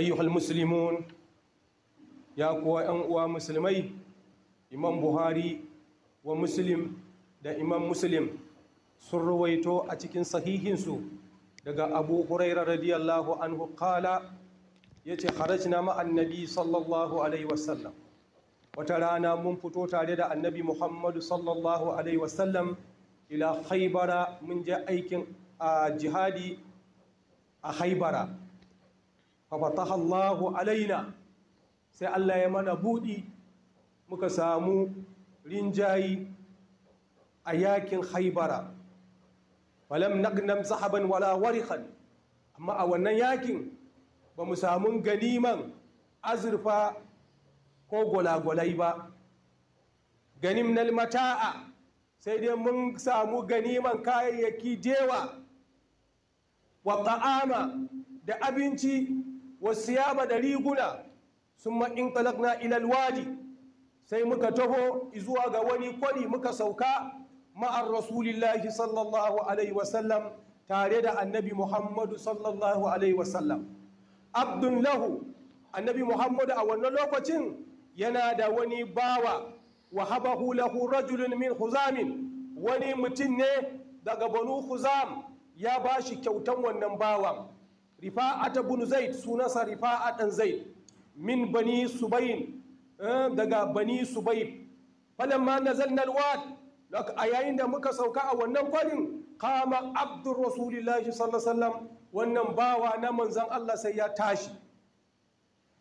ayyuhal muslimun ya kuwa ‘yan uwa musulmai imam buhari wa muslim da imam muslim sun ruwaito a cikin sahihinsu daga abu huraira radiyallahu anhu kala ya ce harajina ma'annabi sallallahu alaihi wasallam wata rana mun fito tare da annabi muhammadu sallallahu alaihi wasallam ila haibara mun je aikin a jihadi a haibara fataha Allahu alaina sai Allah ya mana buɗi muka samu rinjayi a yakin haibara falam nagnam sahaban wala warikan amma a wannan yakin ba mu samu ganiman azurfa ko gwalagwalai ba ganim na mata'a sai dai mun samu ganiman kayayyaki dewa wa ta'ama da abinci wasu yaba da riguna sun ma'in talakna ilal wadi sai muka taho zuwa ga wani kwani muka sauka ma'ar rasulillahi sallallahu alaihi wasallam tare da annabi muhammadu sallallahu alaihi wasallam abdun lahu annabi muhammadu a wannan lokacin yana da wani bawa wa habahu lahu rajulun min huzamin wani mutum ne daga banu huzam ya ba shi kyautan wannan bawan rifa'ata bin zaid sunansa rifa'a dan zaid min bani subayin eh, daga bani subayin falamma nazalna alwad a yayin da muka sauka a wannan kwarin kama abdur rasulillahi sallallahu wannan bawa na manzon Allah sai ya tashi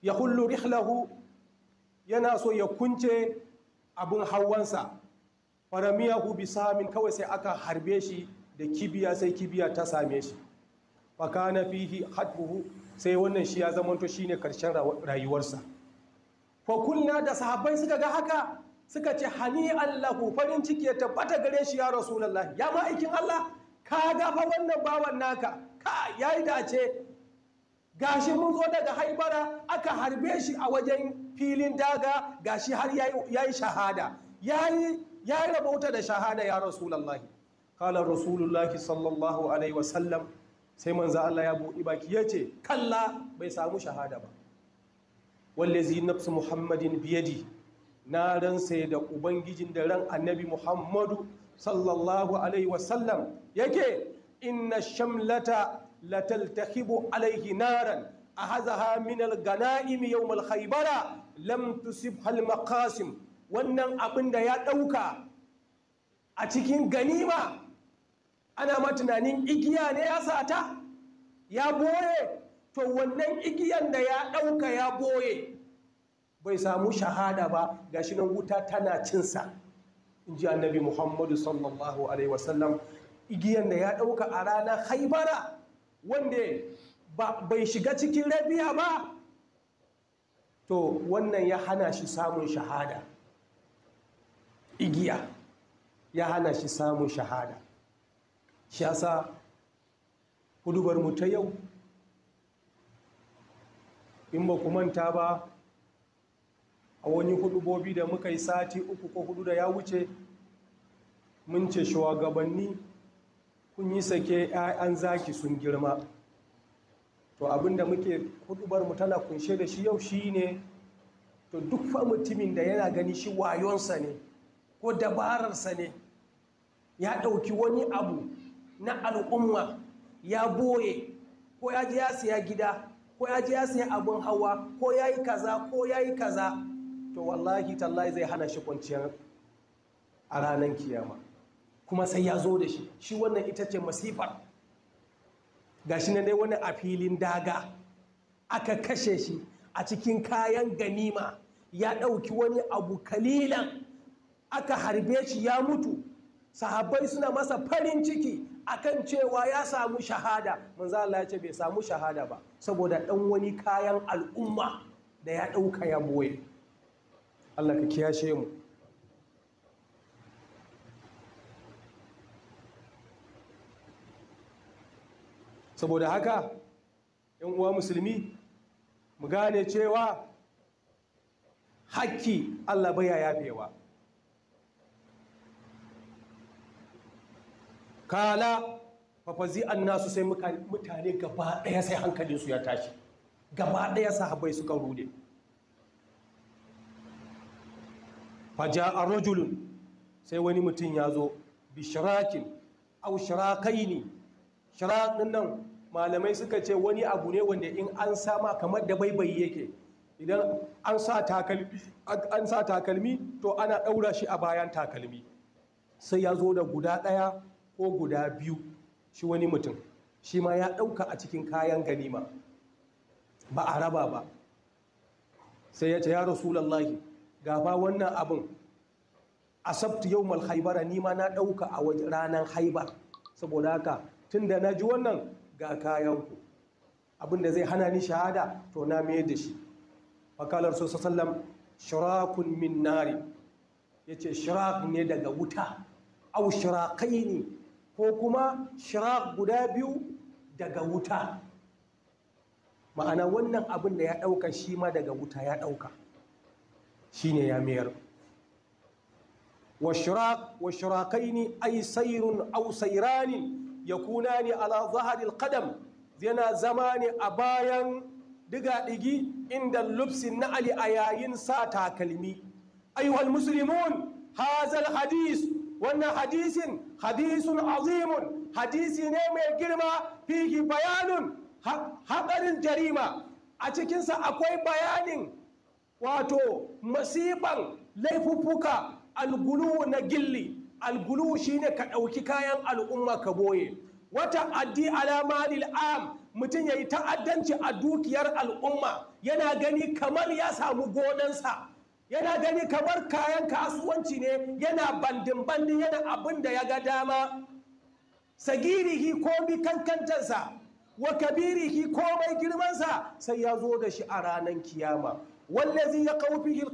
ya hullu rihlahu yana so ya kunce abin hawansa faramiyahu bisamin kawai sai aka harbe shi da kibiya sai kibiya ta same shi fakana na fihi hadbuhu sai wannan shi ya zamanto shine karshen rayuwarsa fa kunna da sahabbai suka ga haka suka ce hani allahu farin ciki ya tabbata gare shi ya rasulullah ya ma allah ka ga fa wannan bawan naka ka yayi dace gashi mun zo daga haibara aka harbe shi a wajen filin daga gashi har yayi shahada yayi yayi rabauta da shahada ya rasulullah qala rasulullahi sallallahu alaihi wasallam sai manza Allah ya buɗi baki ya ce kalla bai samu shahada ba zai nafsu muhammadin biyadi na ran sai da ubangijin da ran annabi muhammadu sallallahu alaihi wasallam yake inna shamlata lataltahibu alaihi naran ahazaha minal gana'im yawm alkhaybara lam tusibha almaqasim wannan abin da ya ɗauka? a cikin ganima ana ma tunanin igiya ne ya sata ya boye to wannan igiyan da ya ɗauka ya boye bai samu shahada ba ga shi nan wuta tana cinsa in ji annabi muhammadu sallallahu alaihi wasallam igiyan da ya ɗauka a ranar haibara wanda bai shiga cikin rabiya ba to wannan ya hana shi samun shahada igiya ya hana shi samun shahada shi yasa hudubar mu ta yau in ba ku manta ba a wani hudubobi da muka yi sati uku ko hudu da ya wuce mun ce shugabanni kun yi sake 'ya'yan zaki sun girma to abinda muke hudubar mu tana kunshe da shi yau shi ne to duk fa mutumin da yana gani shi wayonsa ne ko dabararsa ne ya ɗauki wani abu na al'umma ya boye ko ya ji ya siya gida ko ya ji ya siya abin hawa ko ya yi kaza ko ya yi kaza to wallahi tallahi zai hana shi kwanciyar a ranar kiyama kuma sai ya zo da shi shi wannan ita ce masifar ga shi na dai wani a filin daga aka kashe shi a cikin kayan ganima ya ɗauki wani abu kalilan aka harbe shi ya mutu sahabbai suna masa farin ciki akan cewa ya samu shahada manzo Allah ya ce bai samu shahada ba saboda dan wani kayan al'umma da ya dauka ya boye Allah ka kiyashe mu saboda haka yan uwa musulmi mu gane cewa haƙƙi Allah baya yafewa kala fafazi an nasu sai mutane gaba ɗaya sai hankalinsu ya tashi gaba ɗaya sahabai suka rude faja a rajulun sai wani mutum ya zo bishirakin au shirakai ne shirakin nan malamai suka ce wani abu ne wanda in an sama kamar da baibayi yake idan an sa takalmi an sa takalmi to ana ɗaura shi a bayan takalmi sai ya zo da guda ɗaya ko guda biyu shi wani mutum shi ma ya ɗauka a cikin kayan ganima ba a raba ba sai ya ce ya rasulallahi gafa wannan abin asabtu yau malhaibara ni ma na ɗauka a ranar haiba saboda haka tun da na ji wannan ga kayanku abinda zai hana ni shahada to na mai da shi fakalar sosa sallam shirakun min nari ya ce shirak ne daga wuta au shirakai ne ko kuma shirak guda biyu daga wuta ma'ana wannan abin da ya ɗauka shi ma daga wuta ya ɗauka shi ne ya mayar shirakai ne ai sairun au ya kuna ne ala zaharil kadam yana zama ne a bayan diga ɗigi inda lubsin na ali a yayin sa takalmi ayyuhal musulmun hazal hadis wannan hadisin hadisun azimun hadisi ne mai girma fihi bayanun haɗarin jarima a cikinsa akwai bayanin wato masifan laifuffuka algulu na gilli algulu shine ka ɗauki kayan al'umma ka boye wata addi alamalil am mutum ya yi ta'addanci a dukiyar al'umma yana gani kamar ya samu gonansa yana gani kamar kayan kasuwanci ne yana bandin bandin yana abin da ya ga dama sagirihi komi kankantansa wa ko mai girmansa sai ya zo da shi a ranar kiyama wallazi ya kawfihi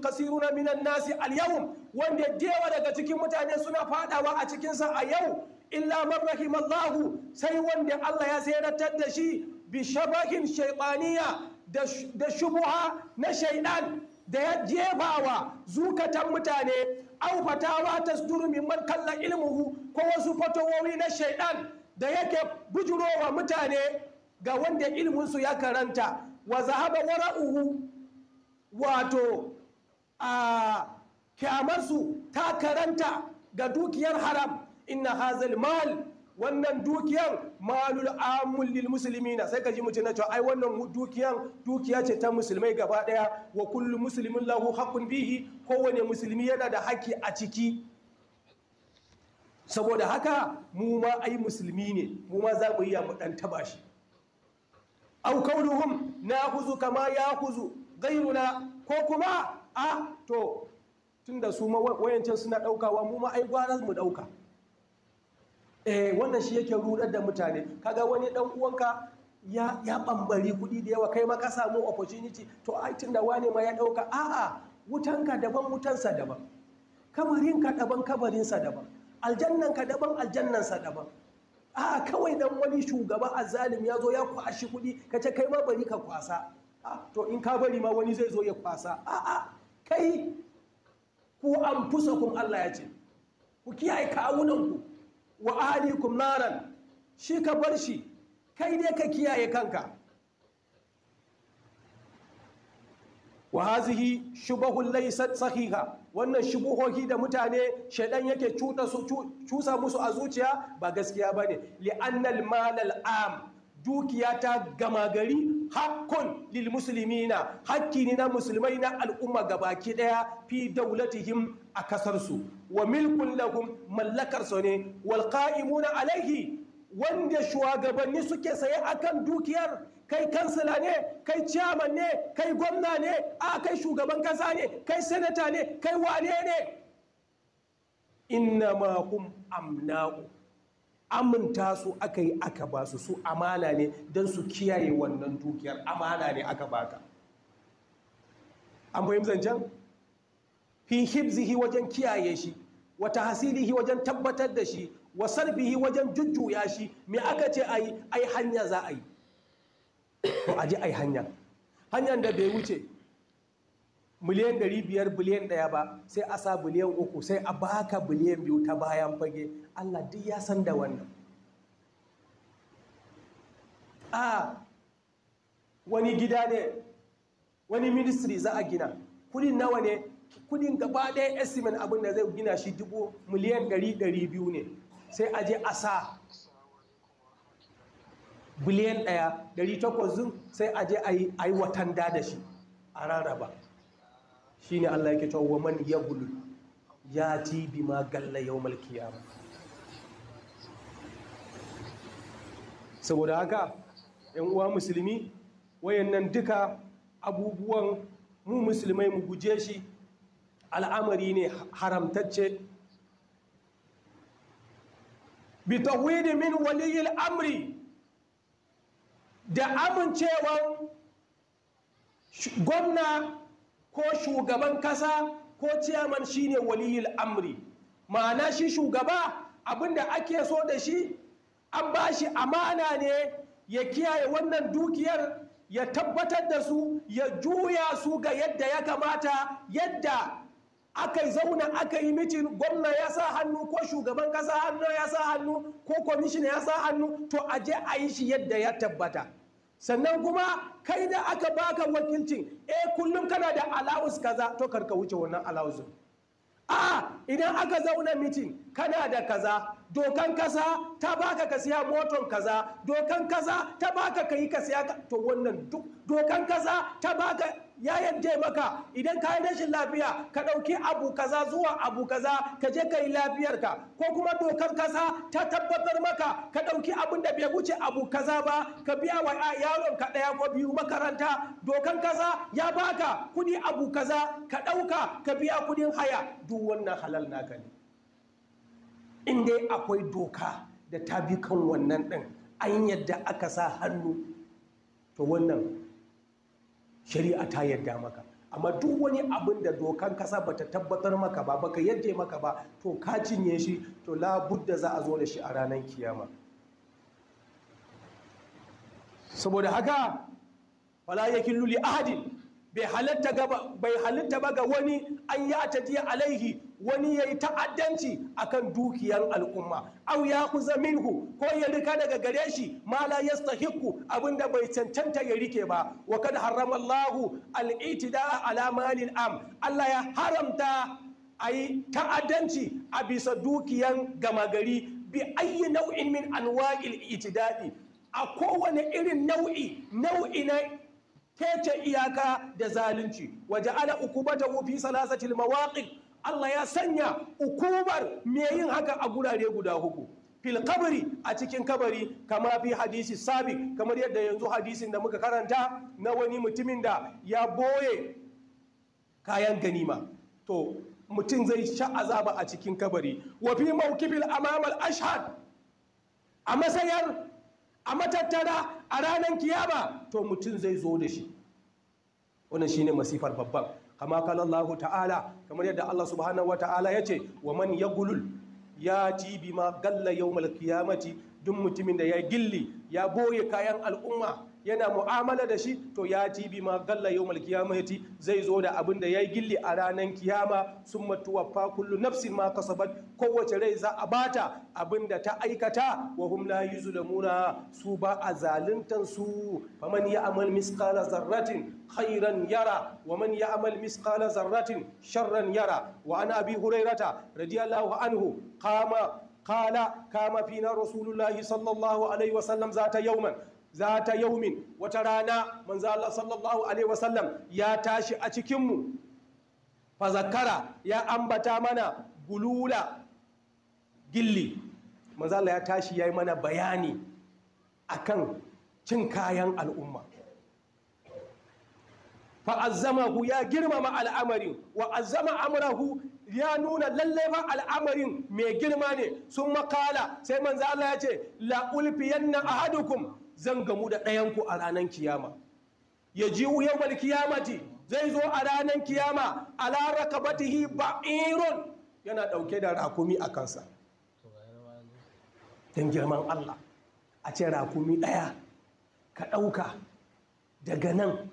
na minan nasi alyawm wanda dewa daga cikin mutane suna fadawa a cikinsa a yau illa marrahim allahu sai wanda Allah ya sayar da shi bi shabahin shaibaniya da shubuha na shaidan da ya jefawa zukatan mutane au fatawa tasduru mimman kalla ilmuhu ko wasu fatawowi na shaidan da yake bujurowa mutane ga wanda ilminsu ya karanta wa zahaba wara'uhu wato a kyamarsu ta karanta ga dukiyar haram inna hazal mal wannan dukiyan malul amul lil sai ka ji mutum na cewa ai wannan dukiyan dukiya ce ta musulmai gaba daya wa kullu muslimin lahu haqqun bihi kowane musulmi yana da haƙƙi a ciki saboda haka mu ma ai musulmi ne mu ma za mu yi mu dan taba shi au kauluhum nahuzu kama yahuzu ghayruna ko kuma a ah, to tunda su ma wayancin suna daukawa mu ma ai gwaran mu dauka eh wannan shi yake rudar da mutane kaga wani dan uwanka ya ya bambari kudi da yawa kai ma ka samu opportunity to ai tunda wane ma ya dauka a'a wutanka daban wutansa daban Kabarinka daban kabarinsa daban Aljannan ka daban aljannansa daban a'a kawai dan wani shugaba azalim ya zo ya kwashi kudi kace kai ma bari ka kwasa to in ka bari ma wani zai zo ya kwasa a'a kai ku amfusakum Allah ya ce ku kiyaye kawunanku wa ahlikum naran shi ka bar shi kai ne ka kiyaye kanka wa hazihi shubahul laysat sahiha wannan shubuhohi da mutane shedan yake cusa musu a zuciya ba gaskiya bane li annal malal am dukiya ta gama gari hakkun lil musulmi na. hakki ne na musulmai na al'umma gabaki daya fi daulatihim a kasarsu wa milkun lahum mallakar su ne wal qa'imuna alaihi wanda shugabanni suke saye akan dukiyar kai kansila ne kai chairman ne kai gwamna ne a kai shugaban kasa ne kai sanata ne kai wane ne ma hum amna'u aminta su aka yi aka ba su su amana ne don su kiyaye wannan dukiyar amana ne aka baka an bayan zancen fi hibzihi wajen kiyaye shi wata hasilihi wajen tabbatar da shi wa sarfihi wajen jujjuya shi me aka ce ai ai hanya za a yi to a ai hanya hanyar da bai wuce miliyan biyar biliyan ɗaya ba sai a sa biliyan uku sai a baka biliyan biyu ta bayan fage Allah duk ya san da wannan a wani gida ne wani ministry za a gina kudin nawa ne kudin gaba ɗaya estimate abin da zai gina shi dubu miliyan biyu ne sai a je a sa biliyan ɗaya 800 sai a je a yi watan da shi a rarraba shine Allah yake cewa wa ya ci bi ma galla yawmal qiyamah saboda haka yan uwa musulmi wayannan duka abubuwan mu musulmai mu guje shi al'amari ne haramtacce bi tawhid min waliyil amri da amincewan gwamna ko shugaban kasa ko ciyaman shi ne waliyul amri ma'ana shi shugaba abinda ake so da shi an ba shi amana ne ya kiyaye wannan dukiyar ya tabbatar da su ya juya su ga yadda ya kamata yadda aka zauna aka yi mitin gwamna ya sa hannu ko shugaban kasa hannu ya sa hannu ko kwamishin ya sa hannu to aje a yi shi yadda ya tabbata sannan kuma kai da aka baka wakilcin eh kullum kana da allowance kaza to karka wuce wannan allowance a idan aka zauna mitin kana da kaza dokan kasa ta baka ka siya moton kaza dokan kasa ta baka ka yi ka siya to wannan dokan kasa ta baka ya yadda maka idan ka yi rashin lafiya ka ɗauki abu kaza zuwa abu kaza ka je ka yi lafiyarka ko kuma dokar kasa ta tabbatar maka ka ɗauki abin da bai wuce abu kaza ba ka biya wa yaron ka ɗaya ko biyu makaranta dokan kasa ya baka kuɗi abu kaza ka ɗauka ka biya kuɗin haya duk wannan halal naka ne Inda dai akwai doka da ta bi kan wannan ɗin an yadda aka sa hannu to wannan shari'a ta yadda maka amma duk wani abin da dokan kasa ba ta tabbatar maka ba baka yadda maka ba to ka cinye shi to da za a zo da shi a ranar kiyama saboda haka wala yakin luli ahadin bai halatta ba ga wani an yi atadiya alaihi wani ya yi ta'addanci a kan dukiyar al'umma au ya zamin ku. ko ya rika daga gare shi ma la yastahiqu abinda bai cancanta ya rike ba wa kada haramallahu lahu itida da alamalin am Allah ya haramta a yi ta'addanci a bisa dukiyan gama gari bi ayi nau'in min anwa'il itidaɗi a kowane irin nau'i nau'i na kece iyaka da zalunci waje ana ukubata fi salasatil mawaƙi Allah ya sanya ukubar me yin haka a gurare guda huku fil kabari a cikin kabari kama fi hadisi sabi kamar yadda yanzu hadisin da muka karanta na wani mutumin da ya boye kayan ganima to mutum zai sha azaba a cikin kabari wa fi mawqifil amamal ashad a masayar a matattara a ranar kiyama to mutum zai zo da shi wannan shine masifar babban kama kalar Allah ta'ala kamar yadda Allah subhanahu ya ce wa man gulul? ya ci ma, galla yawmal qiyamati Dun mutumin da ya gilli ya boye kayan al'umma yana mu'amala da shi to ya ci bi ma galla ya qiyamati zai zo da abin da ya yi gilli a ranar kiyama summa fa kullu nafsin ma kasabat kowace rai za a bata abin da ta aikata wa hum la yuzlamuna su ba a zaluntar su faman ya'mal misqala zarratin khairan yara wa man ya'mal misqala zarratin sharran yara wa an abi hurairata radiyallahu anhu qama قال كما فينا رسول الله صلى الله عليه وسلم ذات يوما za ta min wata rana manzo Allah sallallahu alaihi wasallam ya tashi a cikinmu fazakara ya ambata mana gulula gilli manzo Allah ya tashi yayi mana bayani akan cin kayan al'umma fa'azzamahu ya girmama al'amarin azzama amrahu ya nuna lallai ma al'amarin mai girma ne sun makala sai manzo Allah ya ce la'ulfiyan na ahadukum zan gamu da ɗayanku a ranar kiyama ya ji yawmal kiyamati zai zo a ranar kiyama a ala ba ba'irun yana ɗauke da rakumi a kansa don girman Allah a ce rakumi ɗaya ka ɗauka daga nan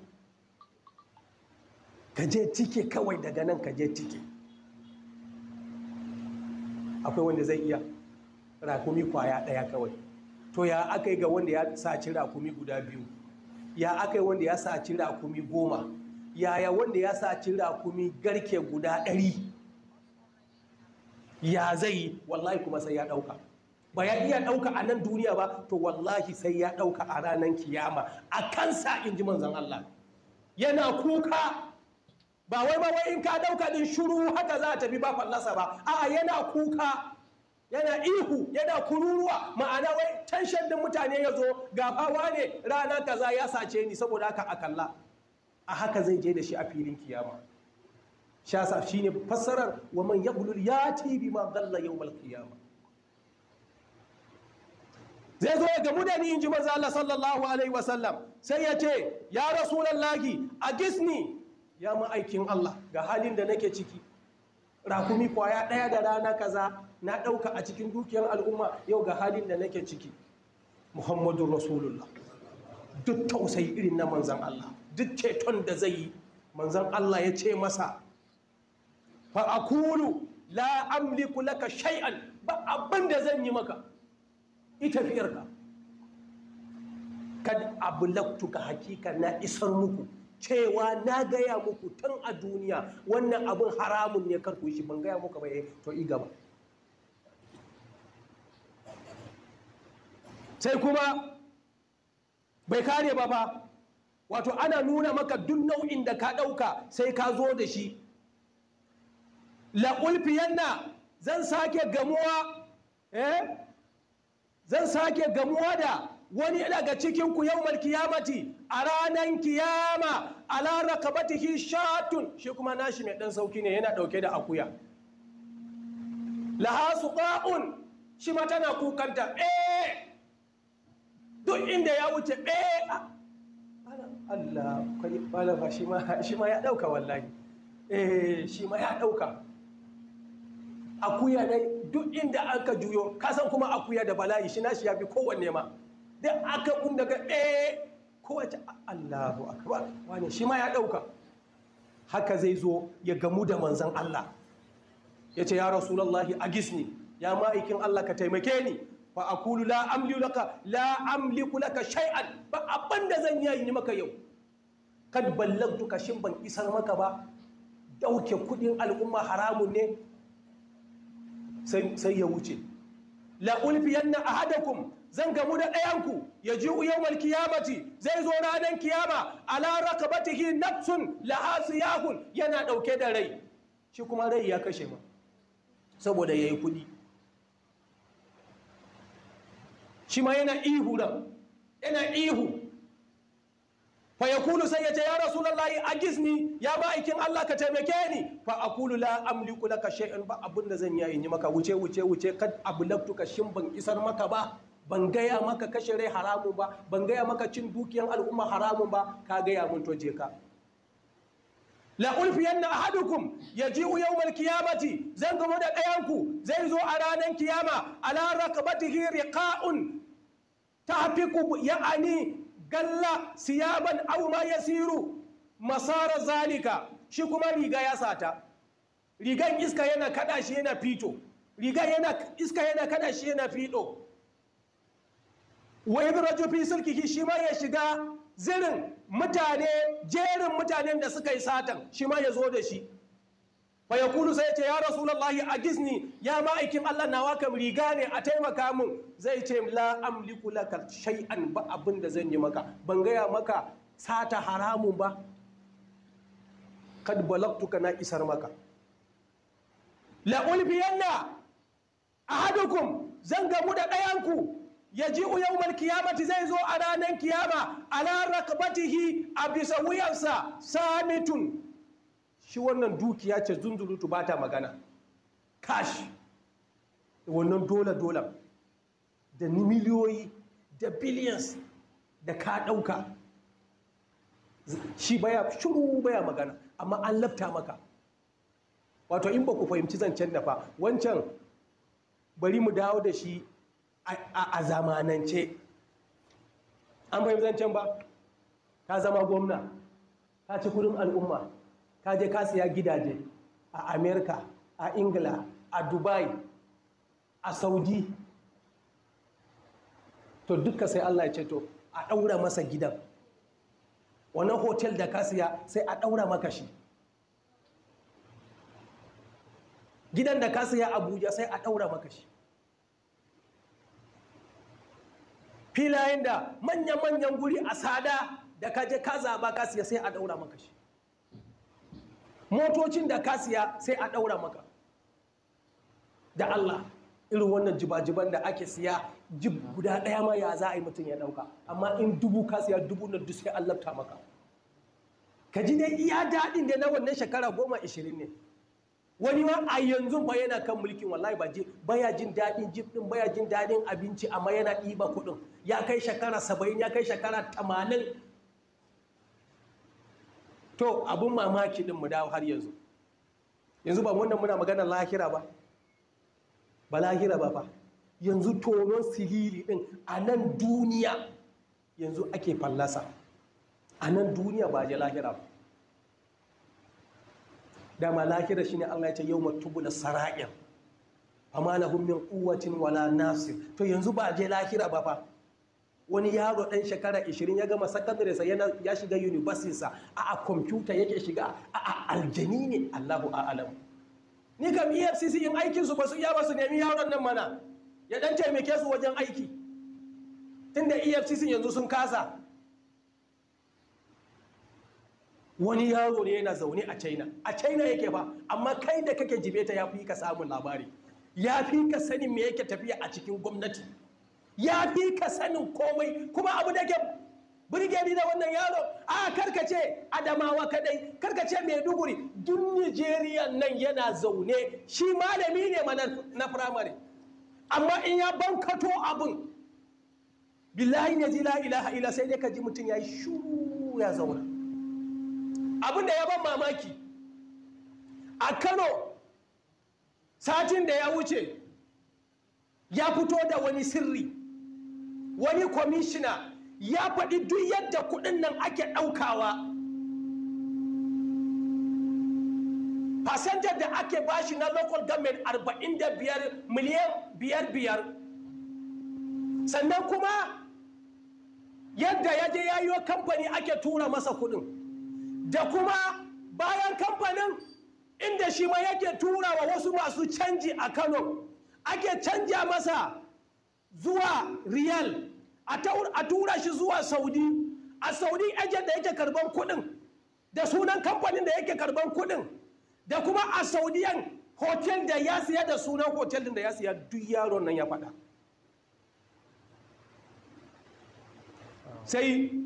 ka je tike kawai daga nan ka je tike akwai wanda zai iya rakumi kwaya ɗaya kawai to ya aka yi ga wanda ya saci rakumi guda biyu ya aka yi wanda ya saci rakumi goma ya wanda ya saci rakumi garke guda ɗari ya zai wallahi kuma sai ya ɗauka ba ya iya ɗauka a nan duniya ba to wallahi sai ya ɗauka a ranar kiyama a kansa in ji manzan Allah yana kuka ba wai ba wai in ka ɗauka ɗin shuru haka za a tafi ba fallasa ba a'a yana kuka yana ihu yana kururuwa ma'ana wai tanshan din mutane ya zo ga fawa ne rana kaza ya sace ni saboda haka a kalla a haka zai je da shi a filin kiyama shi shine fassarar wa man yaqulul yati bima dalla yawmal qiyama zai zo ga mudani da ni inji manzo Allah sallallahu alaihi wasallam sai ya ce ya rasulullahi a gisni ya aikin Allah ga halin da nake ciki rakumi kwaya daya da rana kaza na ɗauka a cikin dukiyar al'umma yau ga halin da nake ciki muhammadu rasulullah duk tausayi irin na manzan Allah duk ceton da zai yi manzan Allah ya ce masa fa'akulu la amliku ka shai'an ba abin da zan yi maka ita fiyarka kad ka hakika na isar muku cewa na gaya muku tun a duniya wannan abin haramun ne karku shi ban gaya muka ba eh, to igaba sai kuma bai kare ba ba wato ana nuna maka duk nau'in da ka ɗauka sai ka zo da shi la'ulfiyanna zan sake gamuwa eh zan sake gamuwa da wani daga cikinku yau kiyamati a ranar kiyama a laraka batihi shatun shi kuma nashi mai ɗan sauki ne yana ɗauke da akuya lahasu ƙa'un shi ma tana kukanta eh duk inda ya wuce ɗaya eh, Allah kwari malama shi ma ya ɗauka wallahi eh shi ma ya ɗauka akuya dai duk inda aka juyo kasan kuma akuya da bala'i shi nashi ya fi kowanne ma duk aka kun daga ɗaya eh, kowace Allahu akbar wani shi ma ya ɗauka haka zai zo ya gamu da manzan Allah ya ce ya rasu, lallahi a gisni ya ma'aikin Allah ka taimake ni fa Kulu la amli laka la ba abin da zan yi maka yau kad ballagtuka shin ban isar maka ba dauke kudin al'umma haramun ne sai ya wuce la a ahadakum zan gamu da ɗayanku ya ji yawmal kiyamati zai zo ranar kiyama ala rakabatihi nafsun laha yahun yana ɗauke da rai shi kuma rai ya kashe ma saboda ya yi kudi shi ma yana ihu da yana ihu fa ya kulu sai ya ce ya rasu a gizmi, ya ba aikin Allah ka taimake ni fa a kulu la amliku laka shay'an ba da zan yi maka wuce wuce wuce kad ka shin ban isar maka ba ban gaya maka kashe rai haramun ba ban gaya maka cin dukiyan al'umma haramun ba ka gaya mun to je ka la ulfiyanna ahadukum yaji'u yawmal qiyamati zan gamo da ku zai zo a ranar kiyama ala rakabatihi riqa'un tahfiqu ya'ani galla siyaban aw ma yasiru masara zalika shi kuma riga ya sata rigan iska yana kada shi yana fito rigan yana iska yana kada shi yana fito wa idraju fi sulkihi shi ma ya shiga zirin mutane jerin mutanen da suka yi satan shi ma ya zo da shi fa ya kunu sai ce ya rasulullahi a gizni ya ma'aikin Allah na waka riga ne a taimaka mun zai ce la amliku laka shay'an ba abin da zan yi maka ban gaya maka sata haramun ba kad balagtuka na isar maka la ulfiyanna ahadukum zan gamu da ɗayanku ya ji yawmal kiyamati zai zo a ranar kiyama ala batihi a bisa wuyarsa samitun shi wannan dukiya ce zunzurutu ba ta magana kashi wannan dola-dola da miliyoyi da billions da ka ɗauka shi baya shuru baya magana amma an lafta maka wato in ba ku fahimci zancen da fa wancan bari mu dawo da shi a zamanance an fahimci zancen ba ka zama gwamna ka ci kudin al'umma ka je ka siya gidaje a amerika a ingila a dubai a saudi to duka sai allah ya ce to a ɗaura masa gidan wannan hotel da ka siya sai a ɗaura maka shi gidan da ka siya abuja sai a ɗaura maka shi filayen da manya-manyan guri a sada da ka je ka zaba ka siya sai a ɗaura maka shi motocin da ka siya sai a ɗaura maka da Allah irin wannan jibajiban da ake siya jib guda ɗaya ma ya za a yi mutum ya ɗauka amma in dubu ka siya dubu na duk ya an maka ka ji dai iya daɗin da na wannan shekara goma ashirin ne wani ma a yanzu ba yana kan mulkin wallahi ba je baya jin daɗin jif ɗin baya jin daɗin abinci amma yana ɗiba kuɗin ya kai shekara saba'in ya kai shekara tamanin to abin mamaki ɗin mu dawo har yanzu yanzu ba wannan muna magana lahira ba ba lahira ba fa yanzu tonon siriri ɗin a nan duniya yanzu ake fallasa a nan duniya ba je lahira ba dama shi ne Allah ya ce yawma tubula sara'ir amma na min quwwatin wala nasir to yanzu ba je lahira ba fa wani yaro ɗan shekara 20 ya gama sakandare sa ya shiga yunibasinsa. a a kwamfuta yake shiga a a aljani ne Allahu a'lam ni kam EFCC in aikin su ba su iya ba su nemi yaron nan mana ya ɗan taimake su wajen aiki tunda EFCC yanzu sun kasa wani yaro ne yana zaune a china a china yake ba amma kai da kake jibeta ya fi ka samun labari ya fi ka sanin me yake tafiya a cikin gwamnati ya fi ka sanin komai kuma abu da ke burge ni da wannan yaro a karkace adamawa kadai karkace duguri duk nigeria nan yana zaune shi malami ne mana na firamare amma in ya bankato abin billahi ne ji la ilaha ila sai dai ka ji mutum ya yi shuru ya zauna abin da ya ban mamaki a kano satin da ya wuce ya fito da wani sirri wani kwamishina ya faɗi duk yadda kuɗin nan ake ɗaukawa fasantar da ake bashi na local government 45 miliyan biyar biyar sannan kuma yadda ya je yayo kamfani ake tura masa kuɗin da kuma bayan kamfanin inda shi ma yake tura wa wasu masu canji a kano ake canja masa zuwa riyal a tura shi zuwa saudi a saudi ejen da yake karban kudin da sunan kamfanin da yake karban kudin da kuma a saudiyan hotel da ya siya da sunan hotel da ya siya duk yaron nan ya faɗa sai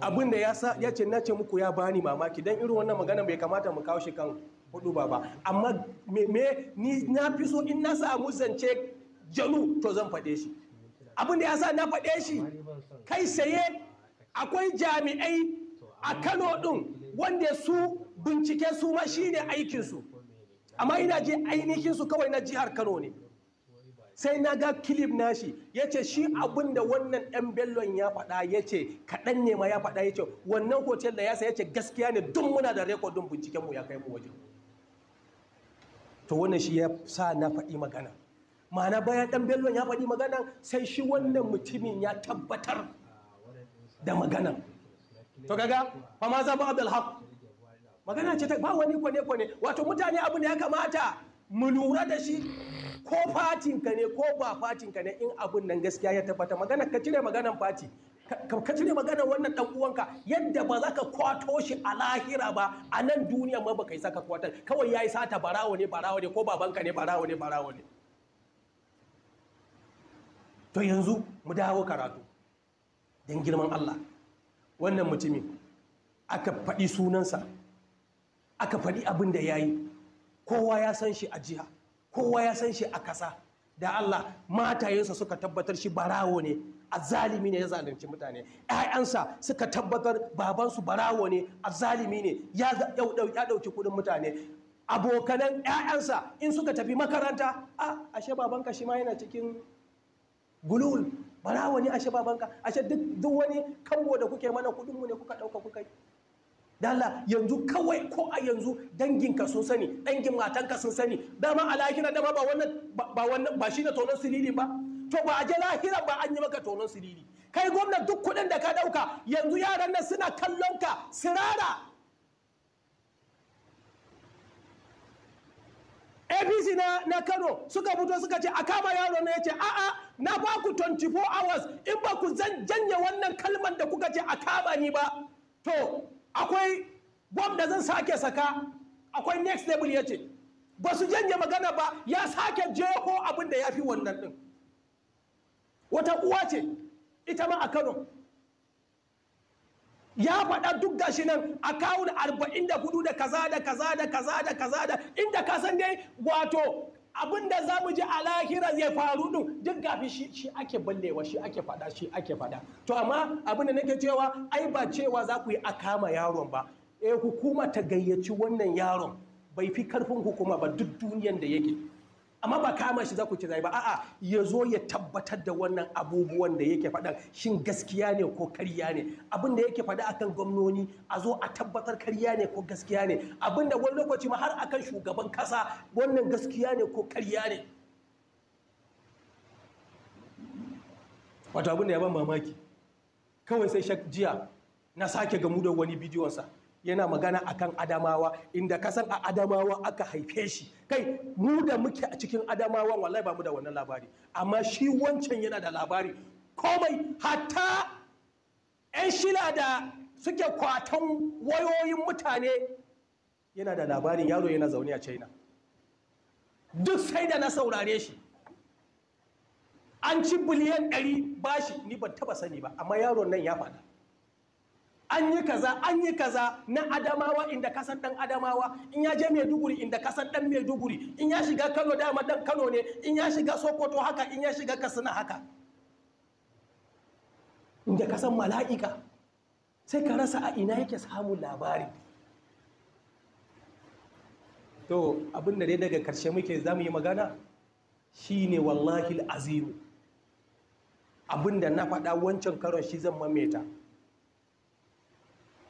abin da ya ce na ce muku ya bani mamaki don irin wannan magana bai kamata mu kawo shi kan hudu ba ba amma me ni na fi so in na samu zance jalu to zan faɗe shi abin da ya sa na faɗe shi kai saye akwai jami'ai a kano ɗin wanda su bincike su ma shine aikinsu amma ina je ainihin su kawai na jihar kano ne sai na ga kilib nashi ya ce shi abin da wannan ɗan bellon ya faɗa ya ce kaɗan ne ma ya faɗa ya ce wannan hotel da ya sa ya ce gaskiya ne duk muna da rekodin bincikenmu ya kai mu wajen to wannan shi ya sa na faɗi magana ma'ana bayan ɗan bellon ya faɗi magana sai shi wannan mutumin ya tabbatar da magana to kaga fa ma za abdul magana ce ta ba wani kwane kwane wato mutane abin da ya kamata mu lura da shi ko fatinka ne ko ba fatinka ne in abun nan gaskiya ya tabbata magana ka cire maganan fati ka cire maganar wannan dan uwanka yadda ba za ka kwato shi a lahira ba a nan duniya ma ba kai saka kwato kawai yayi sata barawo ne barawo ne ko babanka ne barawo ne barawo ne to yanzu mu dawo karatu dan girman Allah wannan mutumin aka faɗi sunansa aka faɗi abin da yayi kowa ya san shi a jiha kowa ya san shi a kasa da Allah matayensa suka tabbatar shi barawo ne a zalimi ne ya zalunci mutane ƴaƴansa suka tabbatar babansu barawo ne a zalimi ne ya ɗauki kuɗin mutane abokanan ƴaƴansa in suka tafi makaranta a ashe babanka shi ma yana cikin gulul barawo ne ashe babanka ashe duk wani kambo da kuke mana kuɗinmu ne kuka ɗauka kuka yi dala yanzu kawai ko a yanzu danginka sun sani dangin matanka sun sani dama a lahira dama ba wannan ba wannan ba shine tonon siriri ba to ba a je lahira ba an yi maka tonon siriri kai gwamna duk kuɗin da ka ɗauka yanzu yaran nan suna kallon ka sirara apc na, na kano suka fito suka ce a kama yaro na yace ce a'a na ba ku 24 hours in ba ku zan janye wannan kalmar da kuka ce a kama ni ba to akwai bom da zan sake saka akwai next level ya ce ba su janye magana ba ya sake jeho abin da ya fi wannan ɗin wata uwa ce ita ma a kano ya faɗa duk gashi nan a kawun arba'in da hudu da kaza da kaza da kaza da kaza da inda ka san dai wato abin da za mu ji a lahira zai faru ɗin duk gafi shi shi ake ballewa shi ake fada, shi ake fada. to amma abin da nake cewa ai ba cewa za ku yi a kama yaron ba eh hukuma ta gayyaci wannan yaron bai fi karfin hukuma ba duk duniyan da yake amma ba kama shi za ku kira ba a'a ya zo ya tabbatar da wannan abubuwan da yake faɗa shin gaskiya ne ko karya ne abin da yake faɗa akan gwamnoni a zo a tabbatar karya ne ko gaskiya ne abin da wani lokaci ma har akan shugaban kasa wannan gaskiya ne ko karya ne wato abin da ya ban mamaki kawai sai shak jiya na sake gamu da wani bidiyonsa yana magana akan adamawa inda kasan a adamawa aka haife shi kai mu da muke a cikin adamawa wallahi ba mu da wannan labari amma shi wancan yana da labari komai hatta 'yan shila da suke kwatan wayoyin mutane yana da labarin yaro yana zaune a china duk sai da na saurare shi an ci biliyan 100 bashi ni ban taba sani ba amma yaron nan ya faɗa an yi kaza an yi kaza na adamawa inda kasan dan adamawa in ya je maiduguri inda kasan dan maiduguri in ya shiga kano dama dan kano ne in ya shiga sokoto haka in ya shiga katsina haka inda kasan mala'ika sai ka rasa a ina yake samun labari to abin da dai daga karshe muke za mu yi magana shine wallahi al’aziru abin da na faɗa wancan karon shi zan mameta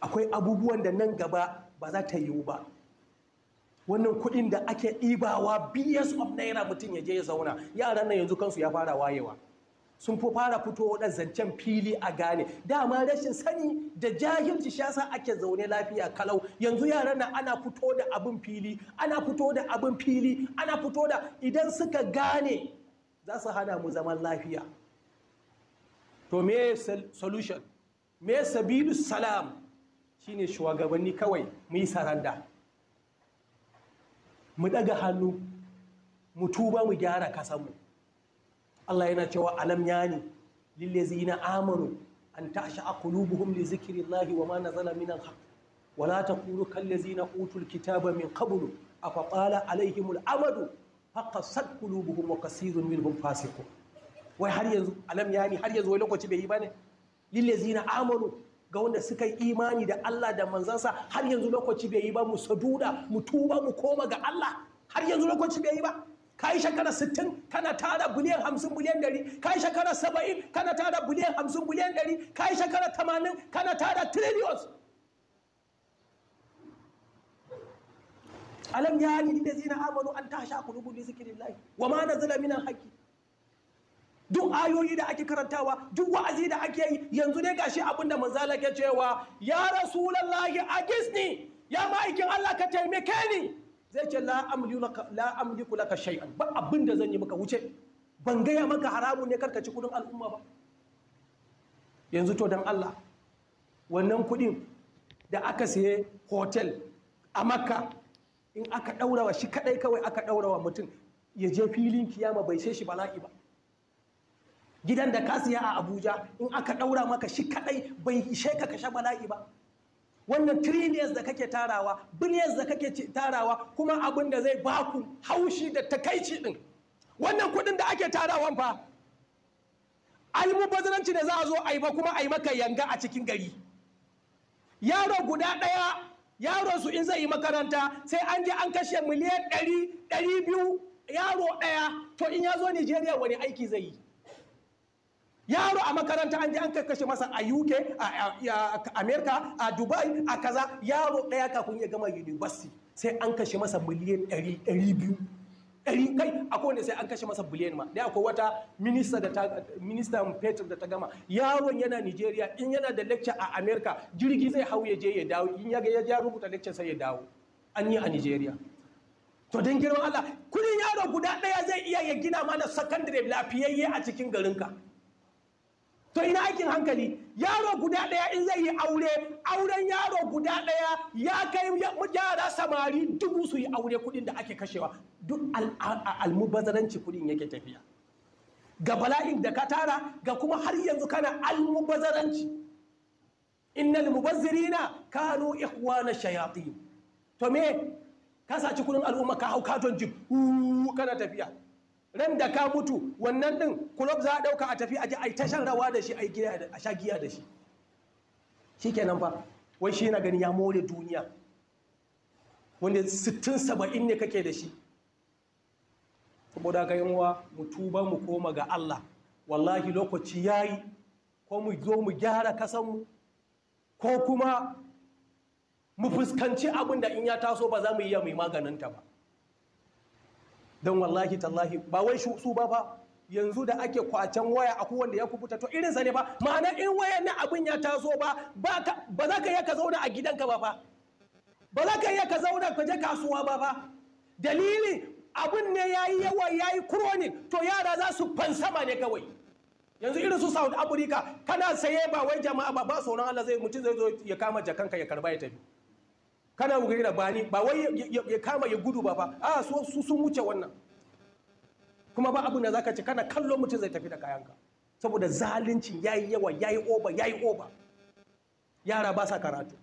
akwai abubuwan da nan gaba ba za ta yiwu ba wannan kuɗin da ake ɗibawa bs of naira mutum ya je ya zauna yaran nan yanzu kansu ya fara wayewa sun fi fara fito da zancen fili a gane dama rashin sani da jahilci shasa ake zaune lafiya kalau yanzu yaran nan ana fito da abin fili ana fito da abin fili ana fito da idan suka gane za su hana mu zaman lafiya to me solution me sabilu salam shine shugabanni kawai mu yi saranda mu daga hannu mu tuba mu gyara kasanmu Allah yana cewa alam yani lillazina amanu an tasha qulubuhum li zikrillahi wa ma nazala minal haqq ta kuru kallazina utul kitaba min qablu afa qala alaihimul amadu haka sad qulubuhum wa kasirun minhum fasiqun wai har yanzu alam yani har yanzu wai lokaci bai yi bane lillazina amanu ga wanda suka yi imani da Allah da manzansa har yanzu lokaci bai yi ba mu saduda mu tuba mu koma ga Allah har yanzu lokaci bai yi ba ka yi shekara 60 kana tara biliyan 50 biliyan 100 ka yi shekara 70 kana tara biliyan 50 biliyan 100 ka yi shekara 80 kana tara trillions alam ya ni da zina amanu an tasha kulubu bi zikrillah wa ma nazala min al-haqqi duk ayoyi da ake karantawa duk wa'azi da ake yi yanzu dai gashi abin da manzala ke cewa ya rasulullahi agisni ya ma'aikin Allah ka taimake ni zai ce la amliku laka shay'an ba abin da zan yi maka wuce ban gaya maka haramun ne karkaci kudin al'umma ba yanzu to dan Allah wannan kudin da aka siye hotel a makka in aka wa shi kadai kawai aka wa mutum ya je filin kiyama bai sai shi bala'i ba gidan da ka siya a abuja in aka ɗaura maka shi kaɗai bai ishe ka kashe bala'i ba wannan trillions da kake tarawa billions da kake tarawa kuma abin da zai baku haushi da takaici din. wannan kuɗin da ake tarawa fa almubazzaranci da za a zo a yi ba kuma a yi maka yanga a cikin gari yaro guda ɗaya yaro su in zai yi makaranta sai an je an kashe miliyan ɗari ɗari biyu yaro ɗaya to in ya zo nigeria wani aiki zai yi yaro a makaranta an je an kashe masa a UK a America a Dubai a kaza yaro ɗaya kafin ya gama university sai an kashe masa miliyan 200 ɗari kai akwai wanda sai an kashe masa biliyan ma dai akwai wata minista da ta da ta gama yaron yana Nigeria in yana da lecture a America jirgi zai hau ya je ya dawo in ya ga ya rubuta lecture sai ya dawo an yi a Nigeria to don girman Allah kudin yaro guda ɗaya zai iya ya gina mana secondary lafiyayye a cikin garinka to ina aikin hankali yaro guda ɗaya in zai yi aure auren yaro guda ɗaya ya kai yara samari dubu su yi aure kuɗin da ake kashewa duk almubazzaranci kuɗin yake tafiya ga bala'in da ka tara ga kuma har yanzu kana almubazzaranci innal mubazzirina kanu ikhwana shayatin to me ka saci kuɗin al'umma ka hau katon jib kana tafiya ran da ka mutu wannan din kulob za a dauka a tafi a ji a ta shan rawa da shi a sha giya da shi shikenan fa wai shi na gani ya more duniya wanda 60 70 ne kake da shi saboda ga yanwa mu tuba mu koma ga Allah wallahi lokaci yayi ko mu zo mu gyara kasanmu ko kuma mu fuskanci abin da in ya taso ba za mu iya mai maganinta ba don wallahi tallahi ba wai su ba fa yanzu da ake kwacen waya a wanda ya kubuta to irinsa ne ba ma'ana in waya na abin ya taso ba ba za ka iya ka zauna a gidanka ba fa? ba za ka iya ka zauna ka je kasuwa ba ba dalili abin ne ya yi yawa ya yi kuroni to yara za su fansama ne kawai yanzu irin su saudi afirka kana saye ba wai jama'a ba ba sauran allah zai mutum zai zo ya kama jakanka ya karba ya tafi kana bugaira ba bani ba wai ya kama ya gudu ba ba a su sun wuce wannan kuma ba abin da zaka ci kana kallon mutum zai tafi da kayanka saboda zalincin yayi yawa yayi oba yayi oba yara ba sa karatu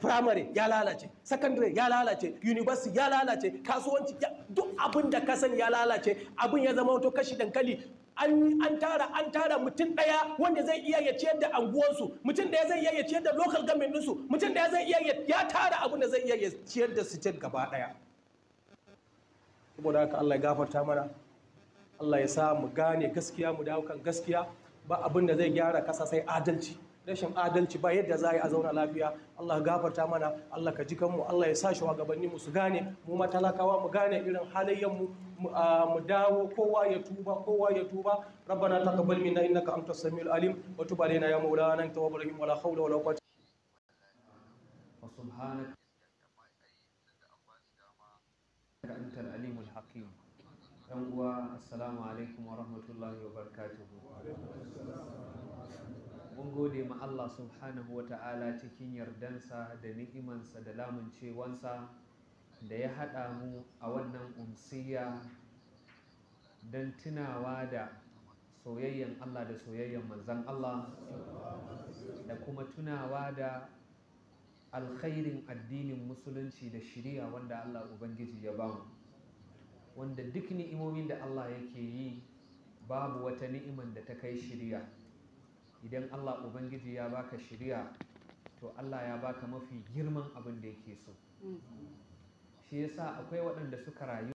primary ya lalace secondary ya lalace university ya lalace kasuwanci duk abin da ka sani ya lalace abin ya zama wato kashi dankali an tara an tara mutum daya wanda zai iya ya ciyar da anguwansu mutum daya zai iya ya ciyar da local government su mutum daya zai iya ya tara abin da zai iya ya ciyar da cikin gaba daya saboda haka Allah ya gafarta mana Allah ya sa mu gane gaskiya mu dawo kan gaskiya ba abin da zai gyara kasa sai adalci rashin adalci ba yadda za a yi a zauna lafiya Allah gafarta mana Allah ka ji kanmu Allah ya sa shi gabanni mu su gane mu matalakawa mu gane irin halayyan mu mu dawo kowa ya tuba kowa ya tuba rabbana taqabbal minna innaka antas samiul alim wa tub alaina ya maulana anta tawwabur rahim wala hawla wala quwwata wa subhanaka anta al-alimul hakim dan uwa assalamu alaikum wa rahmatullahi wa barakatuh mun gode ma Allah subhanahu wa ta'ala cikin yardansa da ni'imansa da lamuncewansa da ya haɗa mu a wannan umsiya don tunawa da soyayyen Allah da soyayyen manzan Allah da kuma tunawa da alkhairin addinin musulunci da shiriya wanda Allah Ubangiji ya bamu wanda duk ni'imomin da Allah yake yi babu wata ni'iman da ta kai shiriya. idan Allah Ubangiji ya baka shirya to Allah ya baka mafi girman abin da yake so mm. shi yasa akwai waɗanda suka rayu